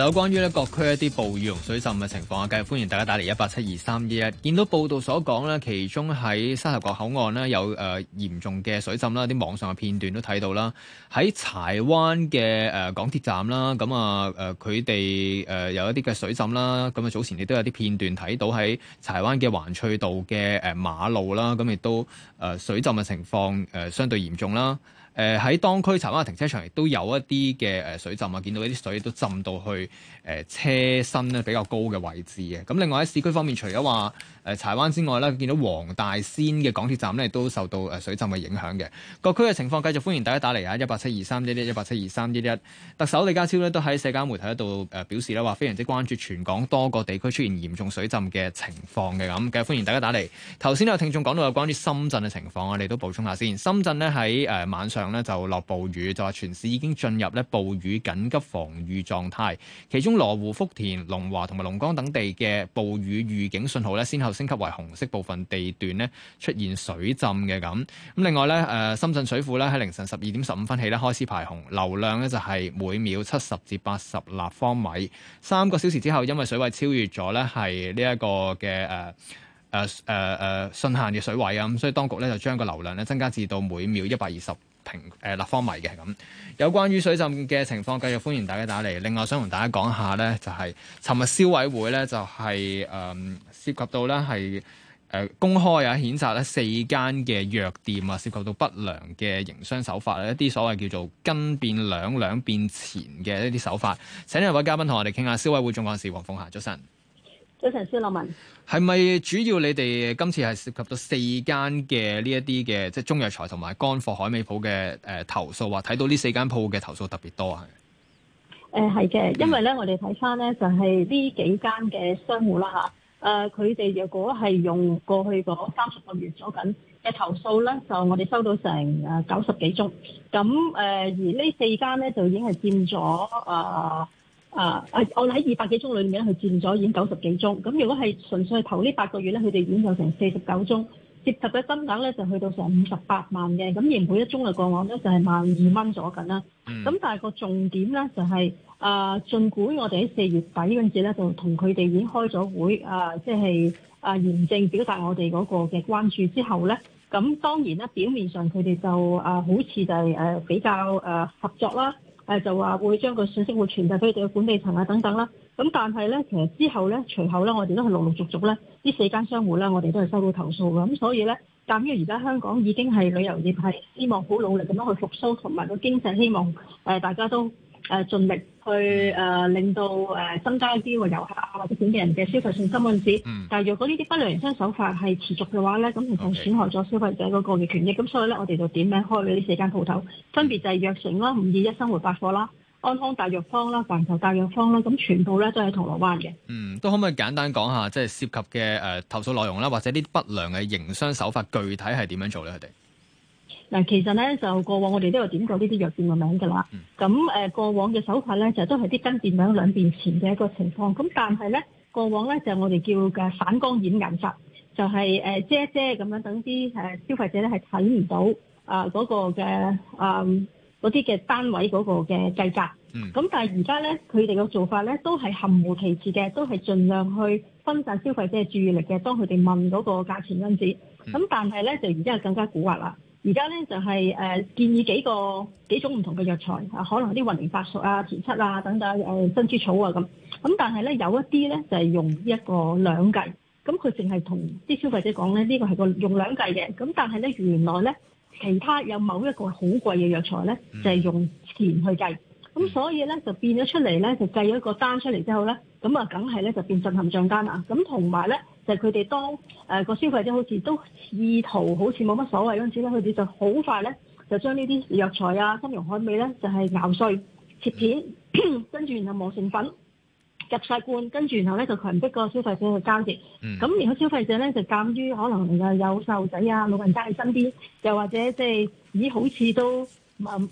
有關於咧各區一啲暴雨同水浸嘅情況啊，繼續歡迎大家打嚟一八七二三一一。見到報道所講咧，其中喺沙頭角口岸咧有誒、呃、嚴重嘅水浸啦，啲網上嘅片段都睇到啦。喺柴灣嘅誒、呃、港鐵站啦，咁啊誒佢哋誒有一啲嘅水浸啦，咁啊早前亦都有啲片段睇到喺柴灣嘅環翠道嘅誒馬路啦，咁、啊、亦都誒、呃、水浸嘅情況誒、呃、相對嚴重啦。誒喺當區柴灣嘅停車場亦都有一啲嘅誒水浸啊，見到呢啲水都浸到去誒車身咧比較高嘅位置啊。咁另外喺市區方面，除咗話誒柴灣之外咧，見到黃大仙嘅港鐵站咧都受到誒水浸嘅影響嘅。各區嘅情況繼續歡迎大家打嚟啊！一八七二三一一一八七二三一一。特首李家超呢都喺社交媒體度誒表示咧話，非常之關注全港多個地區出現嚴重水浸嘅情況嘅咁，繼續歡迎大家打嚟。頭先有聽眾講到有關於深圳嘅情況，我哋都補充下先。深圳呢喺誒晚上，咧就落暴雨，就話全市已經進入咧暴雨緊急防禦狀態。其中羅湖、福田、龍華同埋龍崗等地嘅暴雨預警信號咧，先後升級為紅色，部分地段咧出現水浸嘅咁。咁另外咧，誒、呃、深圳水庫咧喺凌晨十二點十五分起咧開始排洪，流量咧就係每秒七十至八十立方米。三個小時之後，因為水位超越咗咧，係呢一個嘅誒。呃誒誒誒，汛、uh, uh, uh, 限嘅水位啊，咁所以當局咧就將個流量咧增加至到每秒一百二十平誒、呃、立方米嘅咁。有關於水浸嘅情況，繼續歡迎大家打嚟。另外，想同大家講下咧，就係尋日消委會咧就係、是、誒、嗯、涉及到咧係誒公開啊譴責咧四間嘅藥店啊，涉及到不良嘅營商手法咧，一啲所謂叫做斤變兩兩變錢嘅一啲手法。請呢位嘉賓同我哋傾下消委會總幹事黃鳳嫺，早晨。早晨，肖立文，係咪主要你哋今次係涉及到四間嘅呢一啲嘅，即係中藥材同埋乾貨海味鋪嘅誒投訴？話睇到呢四間鋪嘅投訴特別多啊？誒、呃，係嘅，因為咧，我哋睇翻咧就係、是、呢幾間嘅商戶啦吓，誒、呃，佢哋如果係用過去嗰三十個月咗緊嘅投訴咧，就我哋收到成誒九十幾宗，咁誒、呃、而四間呢四間咧就已經係佔咗誒。呃啊！我喺二百幾宗裏面咧，佢佔咗已經九十幾宗。咁如果係純粹係頭呢八個月咧，佢哋已經有成四十九宗，涉及嘅金額咧就去到成五十八萬嘅。咁而每一宗嘅個案咧就係萬二蚊左緊啦。咁但係個重點咧就係啊，儘管我哋喺四月底嗰陣時咧就同佢哋已經開咗會啊，即係啊，嚴正表達我哋嗰個嘅關注之後咧，咁當然咧表面上佢哋就啊，好似就係誒比較誒合作啦。誒、啊、就話會將個信息會傳遞俾佢哋嘅管理層啊等等啦。咁、嗯、但係咧，其實之後咧，隨後咧，我哋都係陸陸續續咧，呢四間商戶咧，我哋都係收到投訴㗎。咁、嗯、所以咧，鑑於而家香港已經係旅遊業係希望好努力咁樣去復甦，同埋個經濟希望誒、呃、大家都，誒盡力去誒、呃、令到誒、呃、增加一啲個遊客啊或者本地人嘅消費信心嗰陣時，嗯、但係若果呢啲不良營商手法係持續嘅話咧，咁就損害咗消費者嗰個嘅權益。咁、嗯、所以咧，我哋就點名開呢四間鋪頭，分別就係藥城啦、五二一生活百貨啦、安康大藥房啦、環球大藥房啦，咁全部咧都喺銅鑼灣嘅。嗯，都可唔可以簡單講下即係涉及嘅誒、呃、投訴內容啦，或者啲不良嘅營商手法具體係點樣做咧？佢哋？嗱，其實咧就過往我哋都有點過呢啲藥店個名㗎啦。咁誒、嗯嗯、過往嘅手法咧，就都係啲跟店名兩邊前嘅一個情況。咁但係咧過往咧就我哋叫嘅反光掩眼法，就係、是、誒遮遮咁樣等啲誒消費者咧係睇唔到啊嗰、呃那個嘅啊啲嘅單位嗰個嘅價格。咁、嗯嗯嗯、但係而家咧佢哋嘅做法咧都係含糊其詞嘅，都係盡量去分散消費者嘅注意力嘅。當佢哋問嗰個價錢陣時，咁、嗯嗯嗯嗯、但係咧就而家係更加蠱惑啦。而家咧就係誒建議幾個幾種唔同嘅藥材啊，可能啲雲苓白術啊、田七啊等等誒珍珠草啊咁。咁但係咧有一啲咧就係用一個兩計，咁佢淨係同啲消費者講咧呢個係個用兩計嘅。咁但係咧原來咧其他有某一個好貴嘅藥材咧就係用錢去計，咁所以咧就變咗出嚟咧就計咗個單出嚟之後咧，咁啊梗係咧就變進行帳單啊。咁同埋咧。就佢哋當誒個消費者好似都意圖好似冇乜所謂，因此咧，佢哋就好快咧就將呢啲藥材啊、金融海味咧，就係、是、咬碎、切片，跟住然後磨成粉，入晒罐，跟住然後咧就強逼個消費者去交錢。咁、嗯、然後消費者咧，就鑒於可能誒有細路仔啊、老人家喺身邊，又或者即、就、係、是、咦，好似都冇。嗯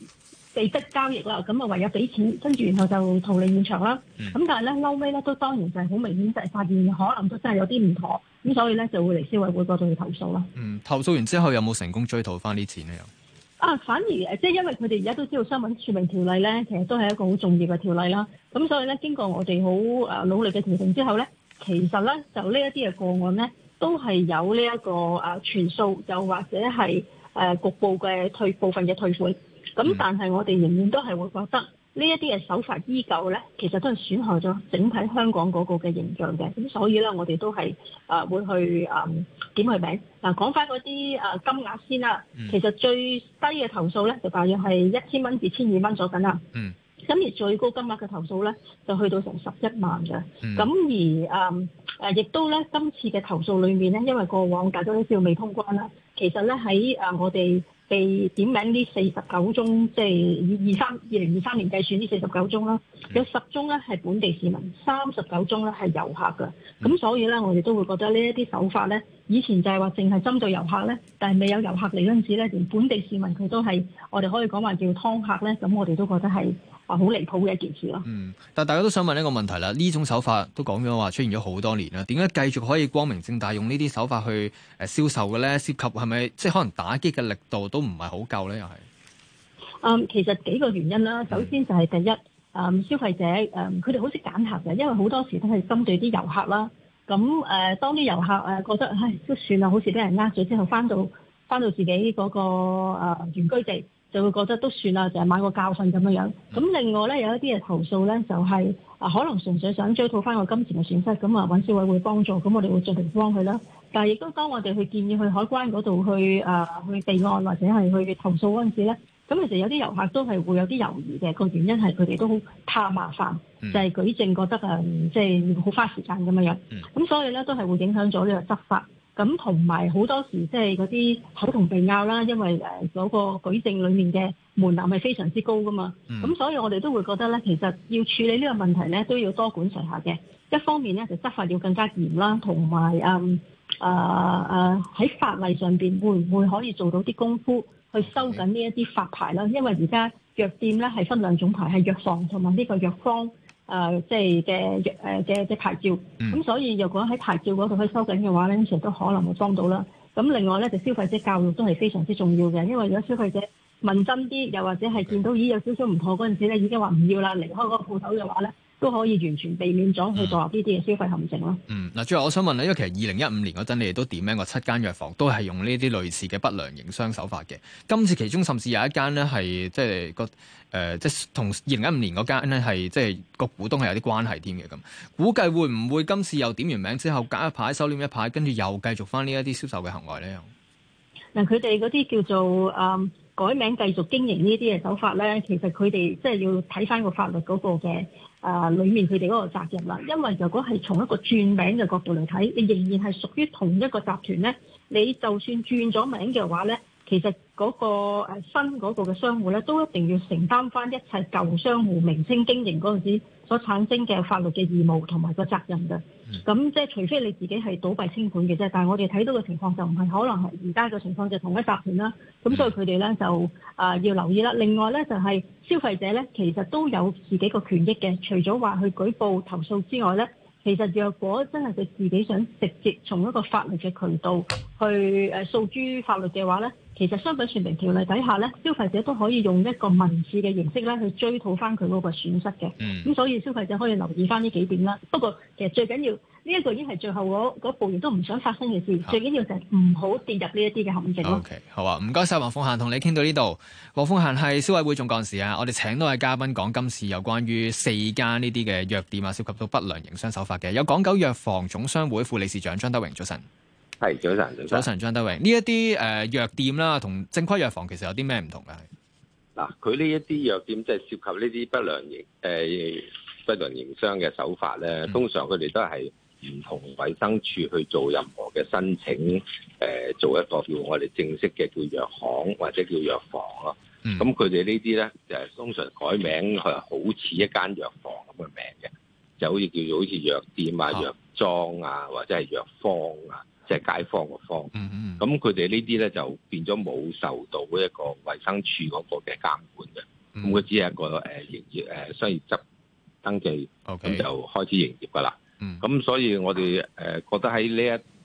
被逼交易啦，咁啊唯有俾錢，跟住然後就逃離現場啦。咁、嗯、但係咧，後尾咧都當然就係好明顯，就係發現可能都真係有啲唔妥，咁所以咧就會嚟消委會嗰度去投訴啦。嗯，投訴完之後有冇成功追討翻啲錢呢？又啊，反而誒、呃，即係因為佢哋而家都知道商品說明條例咧，其實都係一個好重要嘅條例啦。咁所以咧，經過我哋好誒努力嘅調整之後咧，其實咧就呢一啲嘅個案咧，都係有呢一個誒全數，又或者係誒局部嘅退部分嘅退款。咁但係我哋仍然都係會覺得呢一啲嘅手法依舊咧，其實都係損害咗整體香港嗰個嘅形象嘅。咁所以咧，我哋都係誒會去誒點去名嗱，講翻嗰啲誒金額先啦。其實最低嘅投訴咧，就大約係一千蚊至千二蚊左右啦。嗯。咁而最高金額嘅投訴咧，就去到成十一萬嘅。嗯。咁而誒誒，亦都咧今次嘅投訴裏面咧，因為過往大家都叫未通關啦，其實咧喺誒我哋。被點名呢四十九宗，即係以二三二零二三年計算呢四十九宗啦，有十宗咧係本地市民，三十九宗咧係遊客㗎。咁所以咧，我哋都會覺得呢一啲手法咧，以前就係話淨係針對遊客咧，但係未有遊客嚟嗰陣時咧，連本地市民佢都係，我哋可以講話叫劏客咧。咁我哋都覺得係。啊，好離譜嘅一件事咯。嗯，但係大家都想問呢個問題啦。呢種手法都講咗話出現咗好多年啦，點解繼續可以光明正大用呢啲手法去誒銷售嘅咧？涉及係咪即係可能打擊嘅力度都唔係好夠咧？又係。誒，其實幾個原因啦。首先就係第一，誒消費者誒佢哋好識揀客嘅，因為好多時都係針對啲遊客啦。咁誒，當啲遊客誒覺得，唉，都算啦，好似俾人呃咗之後，返到返到自己嗰個誒原居地。就會覺得都算啦，就係、是、買個教訓咁樣樣。咁另外咧，有一啲嘅投訴咧，就係、是、啊、呃，可能純粹想追討翻個金錢嘅損失，咁啊搵消委會幫助，咁我哋會盡力幫佢啦。但係亦都當我哋去建議去海關嗰度去啊、呃、去備案或者係去投訴嗰陣時咧，咁其實有啲遊客都係會有啲猶豫嘅，個原因係佢哋都好怕麻煩，就係、是、舉證覺得啊，即係好花時間咁樣樣。咁所以咧，都係會影響咗呢個執法。咁同埋好多時即係嗰啲口同鼻拗啦，因為誒嗰個舉證裡面嘅門檻係非常之高噶嘛，咁、嗯、所以我哋都會覺得咧，其實要處理呢個問題咧，都要多管齊下嘅。一方面咧，就執法要更加嚴啦，同埋誒誒誒喺法例上邊會唔會可以做到啲功夫去收緊呢一啲發牌啦？因為而家藥店咧係分兩種牌，係藥房同埋呢個藥方。誒、呃，即係嘅藥，嘅、呃、即牌照，咁 所以如果喺牌照嗰度去收緊嘅話咧，其實都可能會幫到啦。咁另外咧，就消費者教育都係非常之重要嘅，因為如果消費者問真啲，又或者係見到咦有少少唔妥嗰陣時咧，已經話唔要啦，離開嗰鋪頭嘅話咧，都可以完全避免咗去墮入呢啲嘅消費陷阱咯。嗯，嗱，最後我想問咧，因為其實二零一五年嗰陣，你哋都點名過七間藥房都係用呢啲類似嘅不良營商手法嘅。今次其中甚至有一間呢，係即係個誒，即係同二零一五年嗰間咧係即係個股東係有啲關係添嘅咁。估計會唔會今次又點完名之後，隔一排收斂一排，跟住又繼續翻呢一啲銷售嘅行為咧？嗱，佢哋嗰啲叫做誒、嗯、改名繼續經營呢啲嘅手法咧，其實佢哋即係要睇翻個法律嗰個嘅。啊！裏面佢哋嗰個責任啦，因為如果係從一個轉名嘅角度嚟睇，你仍然係屬於同一個集團咧，你就算轉咗名嘅話咧，其實。嗰個新嗰個嘅商戶咧，都一定要承擔翻一切舊商戶名稱經營嗰陣時所產生嘅法律嘅義務同埋個責任嘅。咁即係除非你自己係倒閉清盤嘅啫，但係我哋睇到嘅情況就唔係，可能係而家嘅情況就同一集團啦。咁所以佢哋咧就啊、呃、要留意啦。另外咧就係、係、消費者咧其實都有自己個權益嘅，除咗話去舉報投訴之外咧。其實，若果真係佢自己想直接從一個法律嘅渠道去誒訴諸法律嘅話呢，其實商品説明條例底下呢，消費者都可以用一個文字嘅形式咧去追討翻佢嗰個損失嘅。咁、嗯、所以消費者可以留意翻呢幾點啦。不過，其實最緊要。呢一個已經係最後嗰嗰步，亦都唔想發生嘅事。好最緊要就係唔好跌入呢一啲嘅陷阱 OK，好啊，唔該晒，黃鳳嫺，同你傾到呢度。黃鳳嫺係消委會總幹事啊，我哋請到嘅嘉賓講今次有關於四間呢啲嘅藥店啊，涉及到不良營商手法嘅。有港九藥房總商會副理事長張德榮，早晨。係早晨，早晨，早晨，張德榮。呢一啲誒藥店啦，同正規藥房其實有啲咩唔同嘅？嗱，佢呢一啲藥店即係涉及呢啲不良營誒、呃、不良營商嘅手法咧，通常佢哋都係，嗯唔同衞生署去做任何嘅申請，誒、呃、做一個叫我哋正式嘅叫藥行或者叫藥房咯。咁佢哋呢啲咧就係、是、通常改名佢好似一間藥房咁嘅名嘅，就好似叫做好似藥店啊、藥莊啊或者係藥方啊，即係街坊嘅方。咁佢哋呢啲咧就變咗冇受到一個衞生署嗰個嘅監管嘅，咁佢、嗯、只係一個誒營業誒商業執登記，咁、嗯、就開始營業噶啦。嗯，咁所以我哋誒、呃、覺得喺呢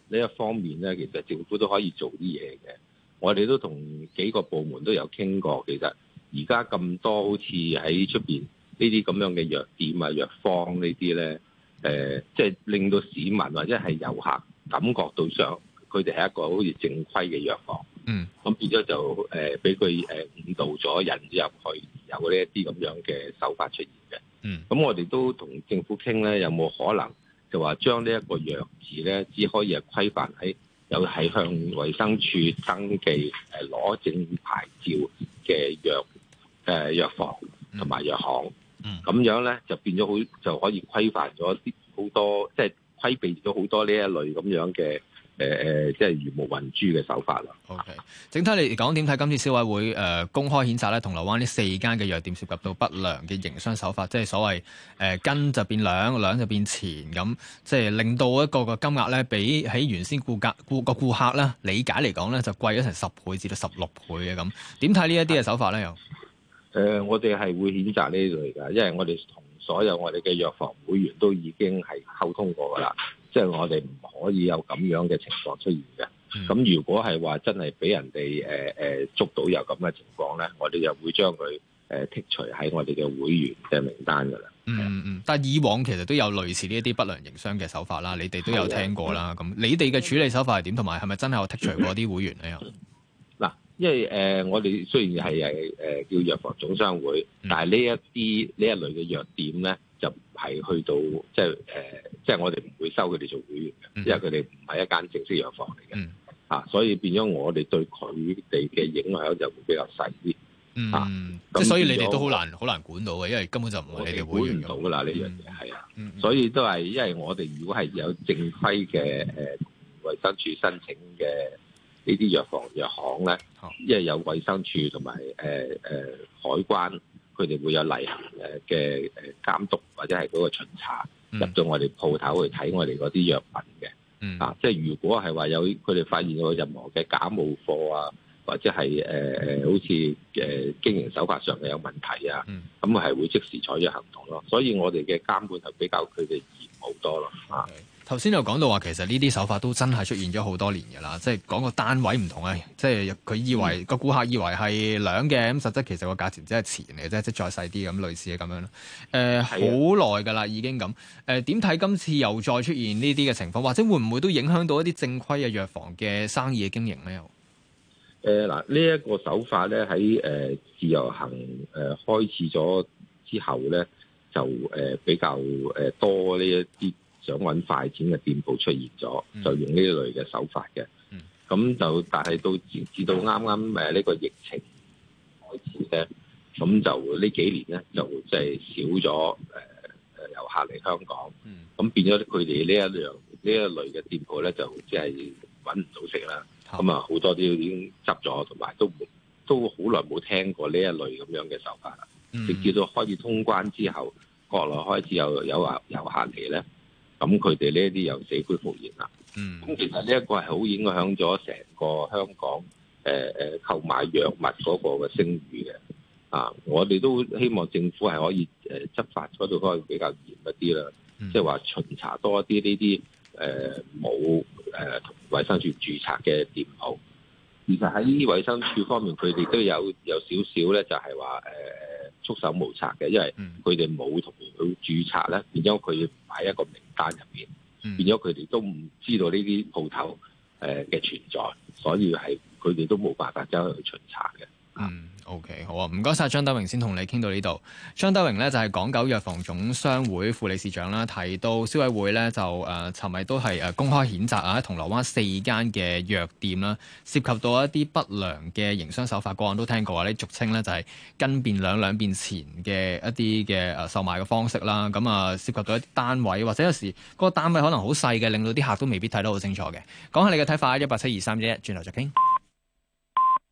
一呢一方面咧，其實政府都可以做啲嘢嘅。我哋都同幾個部門都有傾過，其實而家咁多好似喺出邊呢啲咁樣嘅藥店啊、藥房呢啲咧，誒，即係令到市民或者係遊客感覺到上佢哋係一個好似正規嘅藥房。嗯，咁變咗就誒俾佢誒誤導咗人入去，有呢一啲咁樣嘅手法出現嘅。嗯，咁我哋都同政府傾咧，有冇可能？就話將呢一個藥字咧，只可以係規範喺有係向衛生署登記誒攞證牌照嘅藥誒、呃、藥房同埋藥行，咁樣咧就變咗好，就可以規範咗啲好多，即係規避咗好多呢一類咁樣嘅。誒誒、呃，即係魚目混珠嘅手法啦。O、okay. K，整體嚟講，點睇今次消委會誒、呃、公開譴責咧，銅鑼灣呢四間嘅藥店涉及到不良嘅營商手法，即係所謂誒斤、呃、就變兩，兩就變錢咁，即係令到一個個金額咧，比喺原先顧客顧個顧，顧客咧理解嚟講咧，就貴咗成十倍至到十六倍嘅咁。點睇呢一啲嘅手法咧？又誒、呃，我哋係會譴責呢類噶，因為我哋同所有我哋嘅藥房會員都已經係溝通過噶啦。 即係我哋唔可以有咁樣嘅情況出現嘅。咁如果係話真係俾人哋誒誒捉到有咁嘅情況咧，我哋就會將佢誒剔除喺我哋嘅會員嘅名單噶啦。嗯嗯嗯。但係以往其實都有類似呢一啲不良營商嘅手法啦，你哋都有聽過啦。咁的你哋嘅處理手法係點？同埋係咪真係有剔除過啲會員咧？嗱、嗯， 因為誒、呃、我哋雖然係係誒叫藥房總商會，但係呢一啲呢一類嘅、嗯、弱點咧，就係去到即係誒。呃即係我哋唔會收佢哋做會員嘅，因為佢哋唔係一間正式藥房嚟嘅，嚇、嗯啊，所以變咗我哋對佢哋嘅影響就會比較細啲，嚇、嗯。啊、即係所以你哋都好難好、啊、難管到嘅，因為根本就唔係你哋會員嘅。管唔到啦，呢樣嘢係啊，所以都係因為我哋如果係有正規嘅誒，衞、呃、生署申請嘅呢啲藥房藥行咧，嗯、因為有衞生署同埋誒誒海關。佢哋會有例行嘅嘅誒監督，或者係嗰個巡查入到我哋鋪頭去睇我哋嗰啲藥品嘅，啊，即係如果係話有佢哋發現有任何嘅假冒貨啊，或者係誒誒好似誒、呃、經營手法上嘅有問題啊，咁、啊、係、嗯、會即時採取行動咯。所以我哋嘅監管就比較佢哋嚴好多咯，啊。頭先又講到話，其實呢啲手法都真係出現咗好多年嘅啦，即係講個單位唔同啊，即係佢以為、嗯、個顧客以為係兩嘅，咁實質其實個價錢真係錢嚟啫，即係再細啲咁，類似嘅咁樣咯。誒、呃，好耐噶啦，已經咁。誒、呃，點睇今次又再出現呢啲嘅情況，或者會唔會都影響到一啲正規嘅藥房嘅生意嘅經營咧？又誒嗱，呢、這、一個手法咧喺誒自由行誒、呃、開始咗之後咧，就誒、呃、比較誒、呃、多呢一啲。想揾快錢嘅店鋪出現咗，就用呢類嘅手法嘅。咁、嗯、就但係直至到啱啱誒呢個疫情開始咧，咁就呢幾年咧就即係少咗誒誒遊客嚟香港。咁、嗯、變咗佢哋呢一樣呢、嗯、一類嘅店鋪咧，就即係揾唔到食啦。咁啊好多啲已經執咗，同埋都都好耐冇聽過呢一類咁樣嘅手法。嗯、直至到開始通關之後，國內開始又有遊客嚟咧。呢咁佢哋呢啲又死灰復燃啦，咁、嗯、其實呢一個係好影響咗成個香港誒誒、呃、購買藥物嗰個嘅聲譽嘅，啊，我哋都希望政府係可以誒、呃、執法嗰度可以比較嚴一啲啦，即係話巡查多啲呢啲誒冇同衞生署註冊嘅店鋪。其實喺呢啲衞生署方面，佢哋都有有少少咧，就係話誒。呃束手無策嘅，因為佢哋冇同佢註冊咧，變咗佢唔喺一個名單入面，變咗佢哋都唔知道呢啲鋪頭誒嘅存在，所以係佢哋都冇辦法走去巡查嘅。嗯。O.K. 好啊，唔該晒。張德榮，先同你傾到呢度。張德榮呢，就係、是、港九藥房總商會副理事長啦，提到消委會呢，就誒，尋、呃、日都係誒公開譴責啊，喺銅鑼灣四間嘅藥店啦，涉及到一啲不良嘅營商手法，個案都聽過啊，啲俗稱呢，就係斤變兩兩變錢嘅一啲嘅售賣嘅方式啦。咁啊，涉及到一啲單位，或者有時個單位可能好細嘅，令到啲客都未必睇得好清楚嘅。講下你嘅睇法，一八七二三一一，轉頭再傾。